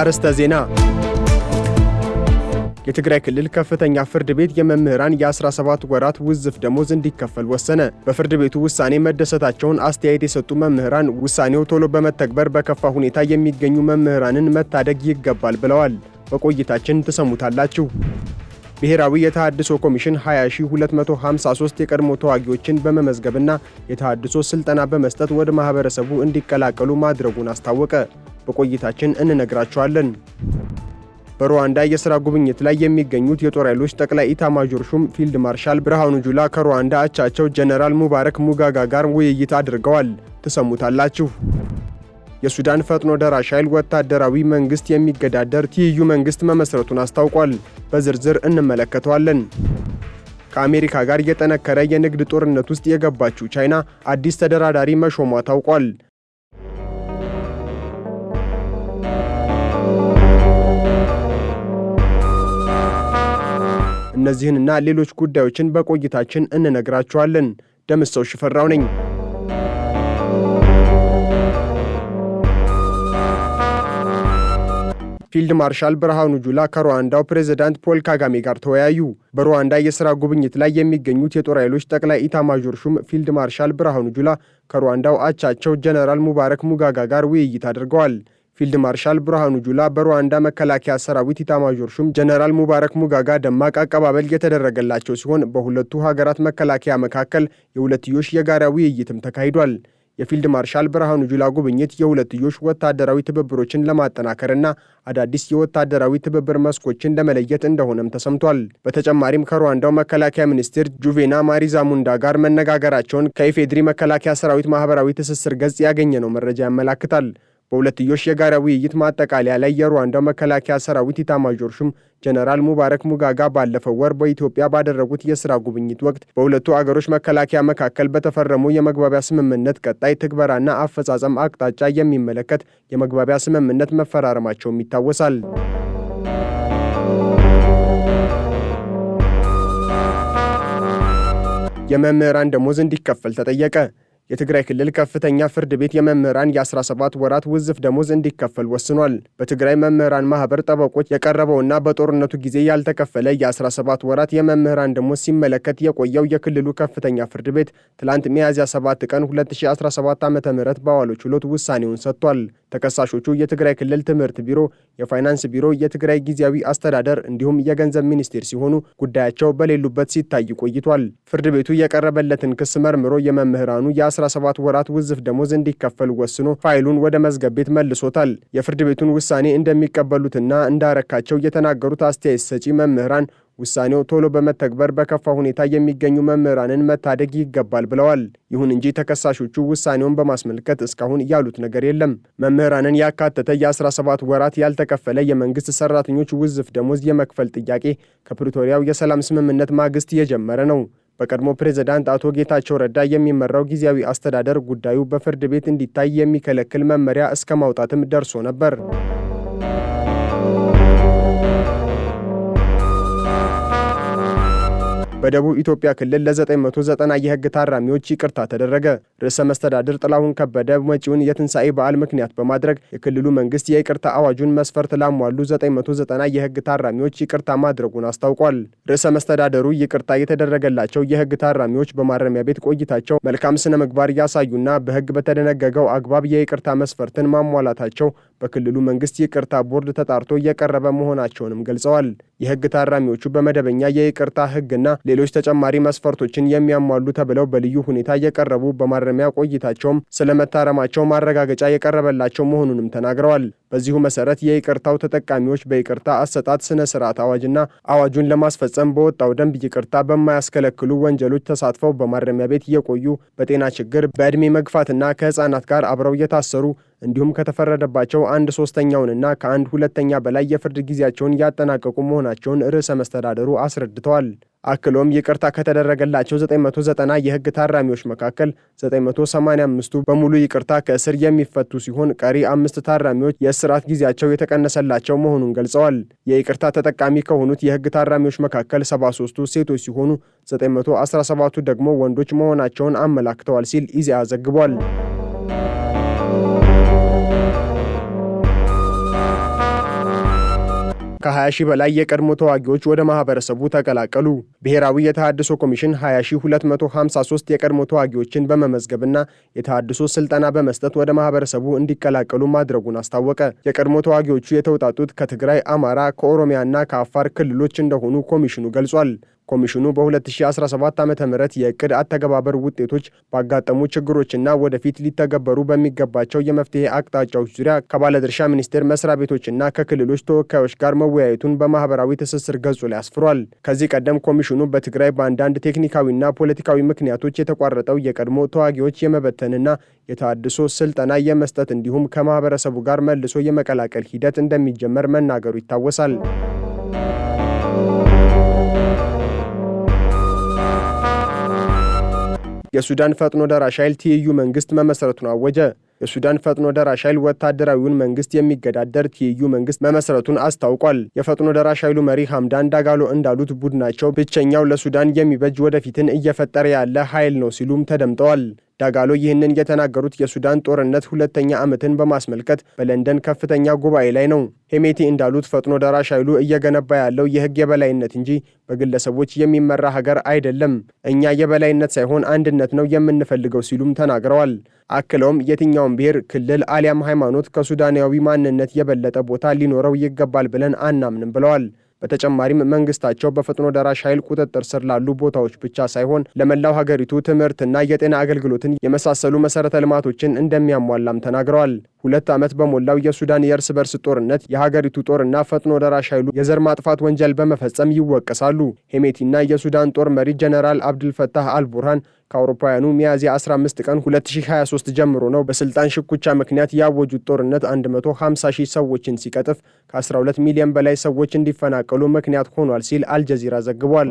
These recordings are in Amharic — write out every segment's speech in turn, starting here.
አርዕስተ ዜና የትግራይ ክልል ከፍተኛ ፍርድ ቤት የመምህራን የ17 ወራት ውዝፍ ደሞዝ እንዲከፈል ወሰነ። በፍርድ ቤቱ ውሳኔ መደሰታቸውን አስተያየት የሰጡ መምህራን ውሳኔው ቶሎ በመተግበር በከፋ ሁኔታ የሚገኙ መምህራንን መታደግ ይገባል ብለዋል። በቆይታችን ትሰሙታላችሁ። ብሔራዊ የተሃድሶ ኮሚሽን 20253 የቀድሞ ተዋጊዎችን በመመዝገብና የተሃድሶ ስልጠና በመስጠት ወደ ማህበረሰቡ እንዲቀላቀሉ ማድረጉን አስታወቀ። በቆይታችን እንነግራችኋለን። በሩዋንዳ የሥራ ጉብኝት ላይ የሚገኙት የጦር ኃይሎች ጠቅላይ ኢታማዦር ሹም ፊልድ ማርሻል ብርሃኑ ጁላ ከሩዋንዳ አቻቸው ጀነራል ሙባረክ ሙጋጋ ጋር ውይይት አድርገዋል። ትሰሙታላችሁ። የሱዳን ፈጥኖ ደራሽ ኃይል ወታደራዊ መንግሥት የሚገዳደር ትይዩ መንግሥት መመስረቱን አስታውቋል። በዝርዝር እንመለከተዋለን። ከአሜሪካ ጋር የጠነከረ የንግድ ጦርነት ውስጥ የገባችው ቻይና አዲስ ተደራዳሪ መሾሟ ታውቋል። እነዚህንና ሌሎች ጉዳዮችን በቆይታችን እንነግራችኋለን። ደምሰው ሽፈራው ነኝ። ፊልድ ማርሻል ብርሃኑ ጁላ ከሩዋንዳው ፕሬዝዳንት ፖል ካጋሜ ጋር ተወያዩ። በሩዋንዳ የሥራ ጉብኝት ላይ የሚገኙት የጦር ኃይሎች ጠቅላይ ኢታማዦር ሹም ፊልድ ማርሻል ብርሃኑ ጁላ ከሩዋንዳው አቻቸው ጀነራል ሙባረክ ሙጋጋ ጋር ውይይት አድርገዋል። ፊልድ ማርሻል ብርሃኑ ጁላ በሩዋንዳ መከላከያ ሰራዊት ኢታማዦር ሹም ጀነራል ሙባረክ ሙጋጋ ደማቅ አቀባበል የተደረገላቸው ሲሆን በሁለቱ ሀገራት መከላከያ መካከል የሁለትዮሽ የጋራ ውይይትም ተካሂዷል። የፊልድ ማርሻል ብርሃኑ ጁላ ጉብኝት የሁለትዮሽ ወታደራዊ ትብብሮችን ለማጠናከርና አዳዲስ የወታደራዊ ትብብር መስኮችን ለመለየት እንደሆነም ተሰምቷል። በተጨማሪም ከሩዋንዳው መከላከያ ሚኒስትር ጁቬና ማሪዛሙንዳ ጋር መነጋገራቸውን ከኢፌድሪ መከላከያ ሰራዊት ማህበራዊ ትስስር ገጽ ያገኘነው መረጃ ያመላክታል። በሁለትዮሽ የጋራ ውይይት ማጠቃለያ ላይ የሩዋንዳው መከላከያ ሰራዊት ኢታማዦር ሹም ጀነራል ሙባረክ ሙጋጋ ባለፈው ወር በኢትዮጵያ ባደረጉት የስራ ጉብኝት ወቅት በሁለቱ አገሮች መከላከያ መካከል በተፈረሙ የመግባቢያ ስምምነት ቀጣይ ትግበራና አፈጻጸም አቅጣጫ የሚመለከት የመግባቢያ ስምምነት መፈራረማቸውም ይታወሳል። የመምህራን ደሞዝ እንዲከፈል ተጠየቀ። የትግራይ ክልል ከፍተኛ ፍርድ ቤት የመምህራን የ17 ወራት ውዝፍ ደሞዝ እንዲከፈል ወስኗል። በትግራይ መምህራን ማህበር ጠበቆች የቀረበውና በጦርነቱ ጊዜ ያልተከፈለ የ17 ወራት የመምህራን ደሞዝ ሲመለከት የቆየው የክልሉ ከፍተኛ ፍርድ ቤት ትላንት ሚያዝያ 7 ቀን 2017 ዓ ም በዋለው ችሎት ውሳኔውን ሰጥቷል። ተከሳሾቹ የትግራይ ክልል ትምህርት ቢሮ፣ የፋይናንስ ቢሮ፣ የትግራይ ጊዜያዊ አስተዳደር እንዲሁም የገንዘብ ሚኒስቴር ሲሆኑ ጉዳያቸው በሌሉበት ሲታይ ቆይቷል። ፍርድ ቤቱ የቀረበለትን ክስ መርምሮ የመምህራኑ 17 ወራት ውዝፍ ደሞዝ እንዲከፈል ወስኖ ፋይሉን ወደ መዝገብ ቤት መልሶታል። የፍርድ ቤቱን ውሳኔ እንደሚቀበሉትና እንዳረካቸው የተናገሩት አስተያየት ሰጪ መምህራን ውሳኔው ቶሎ በመተግበር በከፋ ሁኔታ የሚገኙ መምህራንን መታደግ ይገባል ብለዋል። ይሁን እንጂ ተከሳሾቹ ውሳኔውን በማስመልከት እስካሁን ያሉት ነገር የለም። መምህራንን ያካተተ የ17 ወራት ያልተከፈለ የመንግስት ሰራተኞች ውዝፍ ደሞዝ የመክፈል ጥያቄ ከፕሪቶሪያው የሰላም ስምምነት ማግስት የጀመረ ነው። በቀድሞ ፕሬዝዳንት አቶ ጌታቸው ረዳ የሚመራው ጊዜያዊ አስተዳደር ጉዳዩ በፍርድ ቤት እንዲታይ የሚከለክል መመሪያ እስከ ማውጣትም ደርሶ ነበር። በደቡብ ኢትዮጵያ ክልል ለ990 የህግ ታራሚዎች ይቅርታ ተደረገ። ርዕሰ መስተዳድር ጥላሁን ከበደ መጪውን የትንሣኤ በዓል ምክንያት በማድረግ የክልሉ መንግስት የይቅርታ አዋጁን መስፈርት ላሟሉ 990 የህግ ታራሚዎች ይቅርታ ማድረጉን አስታውቋል። ርዕሰ መስተዳደሩ ይቅርታ የተደረገላቸው የህግ ታራሚዎች በማረሚያ ቤት ቆይታቸው መልካም ስነ ምግባር እያሳዩና በህግ በተደነገገው አግባብ የይቅርታ መስፈርትን ማሟላታቸው በክልሉ መንግስት ይቅርታ ቦርድ ተጣርቶ የቀረበ መሆናቸውንም ገልጸዋል። የህግ ታራሚዎቹ በመደበኛ የይቅርታ ህግና ሌሎች ተጨማሪ መስፈርቶችን የሚያሟሉ ተብለው በልዩ ሁኔታ እየቀረቡ በማረሚያ ቆይታቸውም ስለመታረማቸው ማረጋገጫ የቀረበላቸው መሆኑንም ተናግረዋል። በዚሁ መሰረት የይቅርታው ተጠቃሚዎች በይቅርታ አሰጣጥ ስነ ስርዓት አዋጅና አዋጁን ለማስፈጸም በወጣው ደንብ ይቅርታ በማያስከለክሉ ወንጀሎች ተሳትፈው በማረሚያ ቤት እየቆዩ በጤና ችግር፣ በዕድሜ መግፋትና ከህፃናት ጋር አብረው የታሰሩ እንዲሁም ከተፈረደባቸው አንድ ሶስተኛውንና ከአንድ ሁለተኛ በላይ የፍርድ ጊዜያቸውን ያጠናቀቁ መሆናቸውን ርዕሰ መስተዳደሩ አስረድተዋል። አክሎም ይቅርታ ከተደረገላቸው 990 የህግ ታራሚዎች መካከል 985ቱ በሙሉ ይቅርታ ከእስር የሚፈቱ ሲሆን ቀሪ አምስት ታራሚዎች የእስራት ጊዜያቸው የተቀነሰላቸው መሆኑን ገልጸዋል። የይቅርታ ተጠቃሚ ከሆኑት የህግ ታራሚዎች መካከል 73ቱ ሴቶች ሲሆኑ 917ቱ ደግሞ ወንዶች መሆናቸውን አመላክተዋል ሲል ኢዜአ ዘግቧል። ከ20 ሺህ በላይ የቀድሞ ተዋጊዎች ወደ ማህበረሰቡ ተቀላቀሉ። ብሔራዊ የተሃድሶ ኮሚሽን 20253 የቀድሞ ተዋጊዎችን በመመዝገብና የተሃድሶ ስልጠና በመስጠት ወደ ማህበረሰቡ እንዲቀላቀሉ ማድረጉን አስታወቀ። የቀድሞ ተዋጊዎቹ የተውጣጡት ከትግራይ፣ አማራ፣ ከኦሮሚያና ከአፋር ክልሎች እንደሆኑ ኮሚሽኑ ገልጿል። ኮሚሽኑ በ2017 ዓ ም የዕቅድ አተገባበር ውጤቶች ባጋጠሙ ችግሮችና ወደፊት ሊተገበሩ በሚገባቸው የመፍትሄ አቅጣጫዎች ዙሪያ ከባለድርሻ ሚኒስቴር መስሪያ ቤቶችና ከክልሎች ተወካዮች ጋር መወያየቱን በማህበራዊ ትስስር ገጹ ላይ አስፍሯል። ከዚህ ቀደም ኮሚሽኑ በትግራይ በአንዳንድ ቴክኒካዊና ፖለቲካዊ ምክንያቶች የተቋረጠው የቀድሞ ተዋጊዎች የመበተንና የታድሶ ስልጠና የመስጠት እንዲሁም ከማህበረሰቡ ጋር መልሶ የመቀላቀል ሂደት እንደሚጀመር መናገሩ ይታወሳል። የሱዳን ፈጥኖ ደራሽ ኃይል ትይዩ መንግስት መመሰረቱን አወጀ። የሱዳን ፈጥኖ ደራሽ ኃይል ወታደራዊውን መንግስት የሚገዳደር ትይዩ መንግስት መመስረቱን አስታውቋል። የፈጥኖ ደራሽ ኃይሉ መሪ ሐምዳን ዳጋሎ እንዳሉት ቡድናቸው ብቸኛው ለሱዳን የሚበጅ ወደፊትን እየፈጠረ ያለ ኃይል ነው ሲሉም ተደምጠዋል። ዳጋሎ ይህንን የተናገሩት የሱዳን ጦርነት ሁለተኛ ዓመትን በማስመልከት በለንደን ከፍተኛ ጉባኤ ላይ ነው። ሄሜቲ እንዳሉት ፈጥኖ ደራሽ ኃይሉ እየገነባ ያለው የህግ የበላይነት እንጂ በግለሰቦች የሚመራ ሀገር አይደለም። እኛ የበላይነት ሳይሆን አንድነት ነው የምንፈልገው ሲሉም ተናግረዋል። አክለውም የትኛውም ብሔር፣ ክልል አሊያም ሃይማኖት ከሱዳናዊ ማንነት የበለጠ ቦታ ሊኖረው ይገባል ብለን አናምንም ብለዋል። በተጨማሪም መንግስታቸው በፈጥኖ ደራሽ ኃይል ቁጥጥር ስር ላሉ ቦታዎች ብቻ ሳይሆን ለመላው ሀገሪቱ ትምህርትና የጤና አገልግሎትን የመሳሰሉ መሰረተ ልማቶችን እንደሚያሟላም ተናግረዋል። ሁለት ዓመት በሞላው የሱዳን የእርስ በርስ ጦርነት የሀገሪቱ ጦርና ፈጥኖ ደራሽ ኃይሉ የዘር ማጥፋት ወንጀል በመፈጸም ይወቀሳሉ። ሄሜቲና የሱዳን ጦር መሪ ጀነራል አብድልፈታህ አልቡርሃን ከአውሮፓውያኑ ሚያዝያ 15 ቀን 2023 ጀምሮ ነው በስልጣን ሽኩቻ ምክንያት ያወጁት ጦርነት 150 ሺህ ሰዎችን ሲቀጥፍ ከ12 ሚሊዮን በላይ ሰዎች እንዲፈናቀሉ ምክንያት ሆኗል ሲል አልጀዚራ ዘግቧል።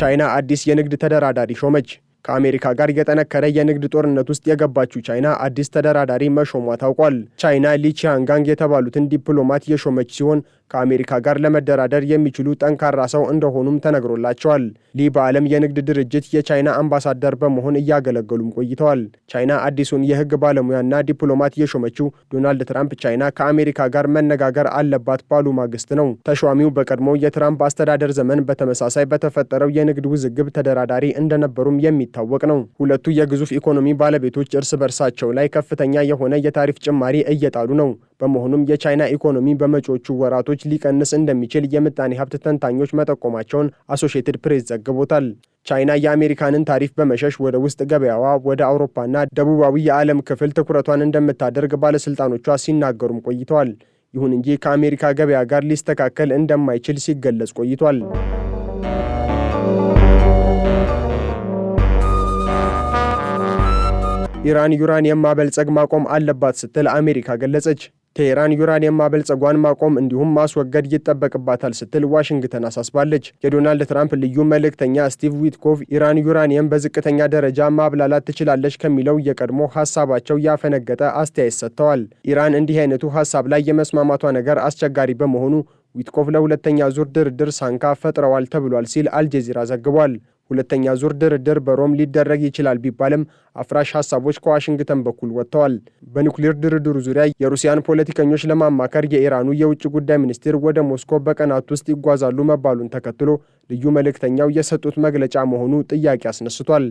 ቻይና አዲስ የንግድ ተደራዳሪ ሾመች። ከአሜሪካ ጋር የጠነከረ የንግድ ጦርነት ውስጥ የገባችው ቻይና አዲስ ተደራዳሪ መሾሟ ታውቋል። ቻይና ሊቺያንጋንግ የተባሉትን ዲፕሎማት የሾመች ሲሆን ከአሜሪካ ጋር ለመደራደር የሚችሉ ጠንካራ ሰው እንደሆኑም ተነግሮላቸዋል። ሊ በዓለም የንግድ ድርጅት የቻይና አምባሳደር በመሆን እያገለገሉም ቆይተዋል። ቻይና አዲሱን የህግ ባለሙያና ዲፕሎማት የሾመችው ዶናልድ ትራምፕ ቻይና ከአሜሪካ ጋር መነጋገር አለባት ባሉ ማግስት ነው። ተሿሚው በቀድሞው የትራምፕ አስተዳደር ዘመን በተመሳሳይ በተፈጠረው የንግድ ውዝግብ ተደራዳሪ እንደነበሩም የሚታወቅ ነው። ሁለቱ የግዙፍ ኢኮኖሚ ባለቤቶች እርስ በርሳቸው ላይ ከፍተኛ የሆነ የታሪፍ ጭማሪ እየጣሉ ነው። በመሆኑም የቻይና ኢኮኖሚ በመጪዎቹ ወራቶች ሊቀንስ እንደሚችል የምጣኔ ሀብት ተንታኞች መጠቆማቸውን አሶሽየትድ ፕሬስ ዘግቦታል። ቻይና የአሜሪካንን ታሪፍ በመሸሽ ወደ ውስጥ ገበያዋ ወደ አውሮፓና ደቡባዊ የዓለም ክፍል ትኩረቷን እንደምታደርግ ባለሥልጣኖቿ ሲናገሩም ቆይተዋል። ይሁን እንጂ ከአሜሪካ ገበያ ጋር ሊስተካከል እንደማይችል ሲገለጽ ቆይቷል። ኢራን ዩራኒየም ማበልጸግ ማቆም አለባት ስትል አሜሪካ ገለጸች። ቴሄራን ዩራኒየም ማበልጸጓን ማቆም እንዲሁም ማስወገድ ይጠበቅባታል ስትል ዋሽንግተን አሳስባለች። የዶናልድ ትራምፕ ልዩ መልእክተኛ ስቲቭ ዊትኮቭ ኢራን ዩራኒየም በዝቅተኛ ደረጃ ማብላላት ትችላለች ከሚለው የቀድሞ ሀሳባቸው ያፈነገጠ አስተያየት ሰጥተዋል። ኢራን እንዲህ አይነቱ ሀሳብ ላይ የመስማማቷ ነገር አስቸጋሪ በመሆኑ ዊትኮቭ ለሁለተኛ ዙር ድርድር ሳንካ ፈጥረዋል ተብሏል ሲል አልጀዚራ ዘግቧል። ሁለተኛ ዙር ድርድር በሮም ሊደረግ ይችላል ቢባልም አፍራሽ ሀሳቦች ከዋሽንግተን በኩል ወጥተዋል። በኒውክሌር ድርድሩ ዙሪያ የሩሲያን ፖለቲከኞች ለማማከር የኢራኑ የውጭ ጉዳይ ሚኒስትር ወደ ሞስኮ በቀናት ውስጥ ይጓዛሉ መባሉን ተከትሎ ልዩ መልእክተኛው የሰጡት መግለጫ መሆኑ ጥያቄ አስነስቷል።